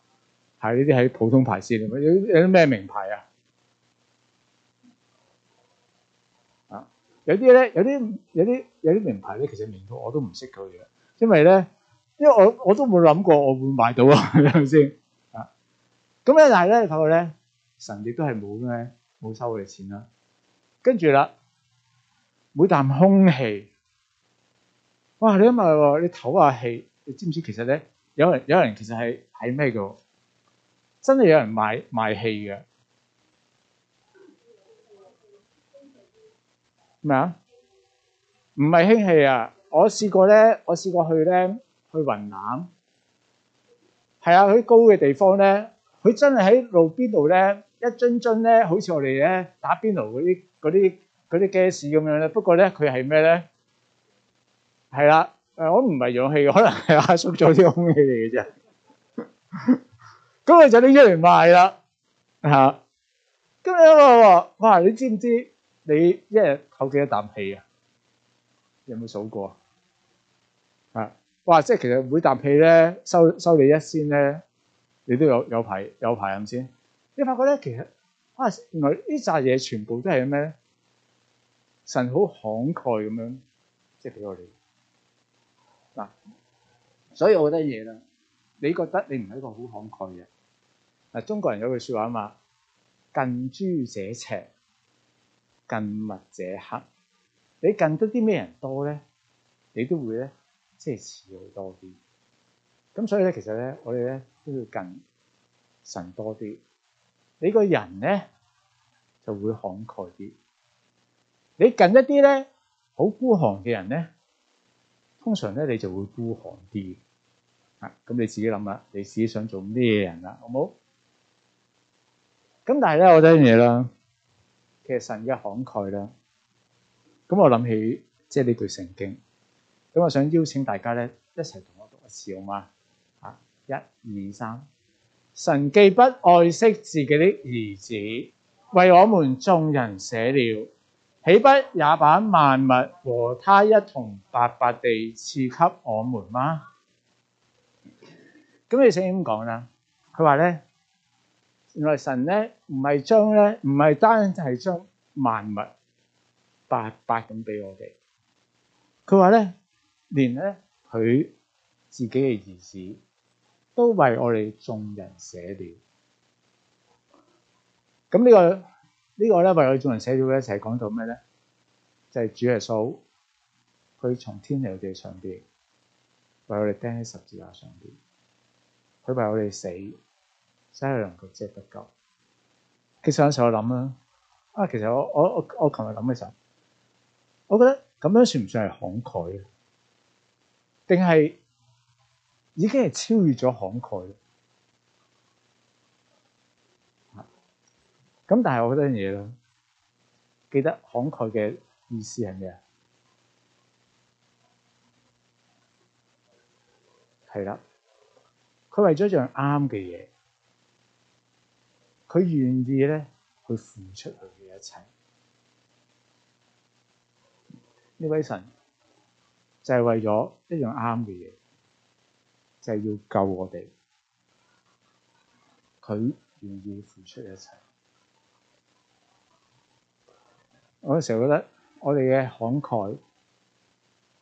係呢啲係普通牌先，有有啲咩名牌啊？啊，有啲咧，有啲有啲有啲名牌咧，其實名都我都唔識佢嘅，因為咧，因為我我都冇諗過我會買到啊，係咪先？啊，咁咧，但係咧，睇到咧，神亦都係冇咩冇收佢錢啦。跟住啦，每啖空氣，哇！你因為你唞下氣，你知唔知其實咧，有人有人其實係係咩嘅？真係有人賣賣氣嘅咩啊？唔係空氣啊！我試過咧，我試過去咧，去雲南係啊，佢高嘅地方咧，佢真係喺路邊度咧，一樽樽咧，好似我哋咧打邊爐嗰啲嗰啲嗰啲 gas 咁樣咧。不過咧，佢係咩咧？係啦，誒，我都唔係氧氣，可能係壓縮咗啲空氣嚟嘅啫。咁你就拎出嚟賣啦，吓！咁樣我話哇！你知唔知？你一日唞幾多啖氣啊？有冇數過啊？吓！哇！即係其實每啖氣咧，收收你一仙咧，你都有有排有排先。你發覺咧，其實啊，原來呢扎嘢，全部都係咩咧？神好慷慨咁樣，即係俾我哋嗱。所以我覺得嘢啦，你覺得你唔係一個好慷慨嘅。嗱，中國人有句說話啊嘛，近朱者赤，近墨者黑。你近得啲咩人多咧，你都會咧，即係似佢多啲。咁所以咧，其實咧，我哋咧都要近神多啲，你個人咧就會慷慨啲。你近一啲咧，好孤寒嘅人咧，通常咧你就會孤寒啲。啊，咁你自己諗啦，你自己想做咩人啦，好唔好？咁但係咧，我睇樣嘢啦，其實神嘅慷慨咧，咁我諗起即係呢句聖經，咁我想邀請大家咧一齊同我讀一次好嘛？啊，一、二、三，神既不愛惜自己的兒子，為我們眾人捨了，豈不也把萬物和他一同白白地賜給我們嗎？咁你想咁講啦，佢話咧。原來神咧唔係將咧唔係單係將萬物白白咁俾我哋。佢話咧，連咧佢自己嘅兒子都為我哋眾人寫了。咁呢個呢個咧為我哋眾人寫了，一齊講到咩咧？就係主耶穌，佢從天嚟地上邊，為我哋釘喺十字架上邊，佢為我哋死。真係兩個借得夠。其實嗰陣時我諗啦，啊，其實我我我我琴日諗嘅時候，我覺得咁樣算唔算係慷慨？定係已經係超越咗慷慨咯？咁、啊、但係我覺得嘢啦，記得慷慨嘅意思係咩啊？係啦，佢為咗樣啱嘅嘢。佢願意咧去付出佢嘅一切，呢位神就係為咗一樣啱嘅嘢，就係要救我哋。佢願意付出一切。我成日覺得我哋嘅慷慨，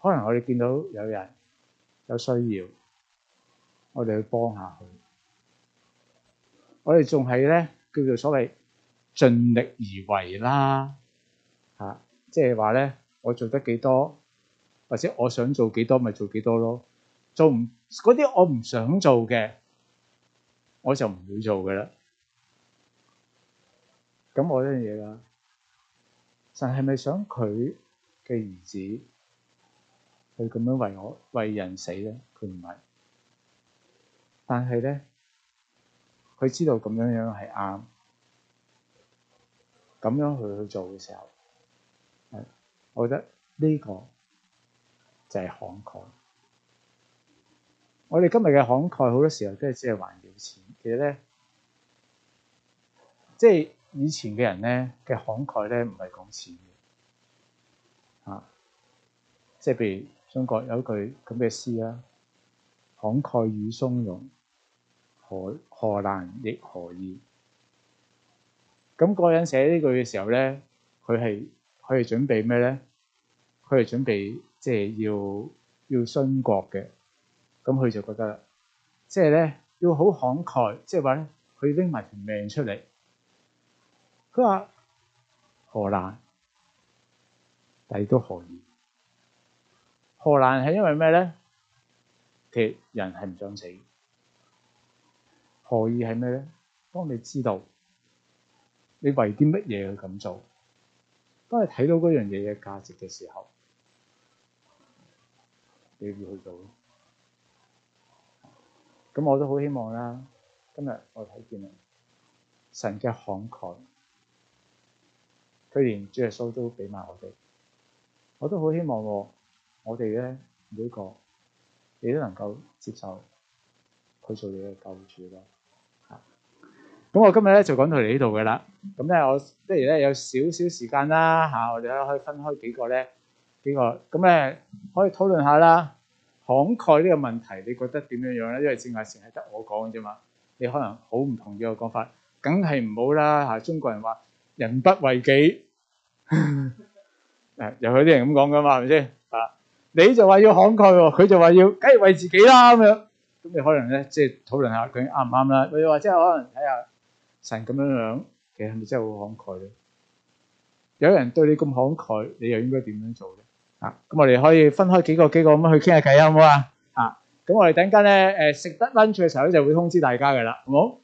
可能我哋見到有人有需要，我哋去幫下佢，我哋仲係咧。叫做所謂盡力而為啦，嚇、啊，即係話咧，我做得幾多，或者我想做幾多，咪做幾多咯。做唔嗰啲我唔想做嘅，我就唔會做嘅啦。咁、啊、我一樣嘢啦，神係咪想佢嘅兒子去咁樣為我為人死咧？佢唔係，但係咧。佢知道咁樣樣係啱，咁樣去去做嘅時候，我覺得呢個就係慷慨。我哋今日嘅慷慨好多時候都係只係還條錢，其實咧，即係以前嘅人咧嘅慷慨咧唔係講錢嘅，嚇、啊，即係譬如中國有一句咁嘅詩啦，慷慨與從容」。何？何難亦何易？咁嗰人寫呢句嘅時候咧，佢係佢係準備咩咧？佢係準備即係要要殉國嘅。咁佢就覺得，即係咧要好慷慨，即係話咧，佢拎埋條命出嚟。佢話：何難，但係都何易。何難係因為咩咧？其實人係唔想死。何意係咩咧？當你知道你為啲乜嘢去咁做，當你睇到嗰樣嘢嘅價值嘅時候，你要去做咯。咁我都好希望啦，今日我睇見啦，神嘅慷慨，佢連主耶穌都俾埋我哋，我都好希望我哋咧每個你都能夠接受佢做你嘅救主咯。咁我今日咧就講到嚟呢度嘅啦。咁咧我即係咧有少少時間啦嚇，我哋可可以分開幾個咧幾個。咁咧可以討論下啦。慷慨呢個問題，你覺得點樣樣咧？因為正係成日得我講啫嘛。你可能好唔同意我講法，梗係唔好啦嚇。中國人話人不為己，誒又有啲人咁講噶嘛，係咪先啊？你就話要慷慨喎，佢就話要梗係為自己啦咁樣。咁你可能咧即係討論下佢啱唔啱啦。你話即係可能睇下。成咁樣樣，其實係咪真係好慷慨咧？有人對你咁慷慨，你又應該點樣做咧？啊，咁我哋可以分開幾個幾個咁樣去傾下偈，好唔好啊？啊，咁我哋等間咧，誒食得 lunch 嘅時候咧，就會通知大家㗎喇，好唔好？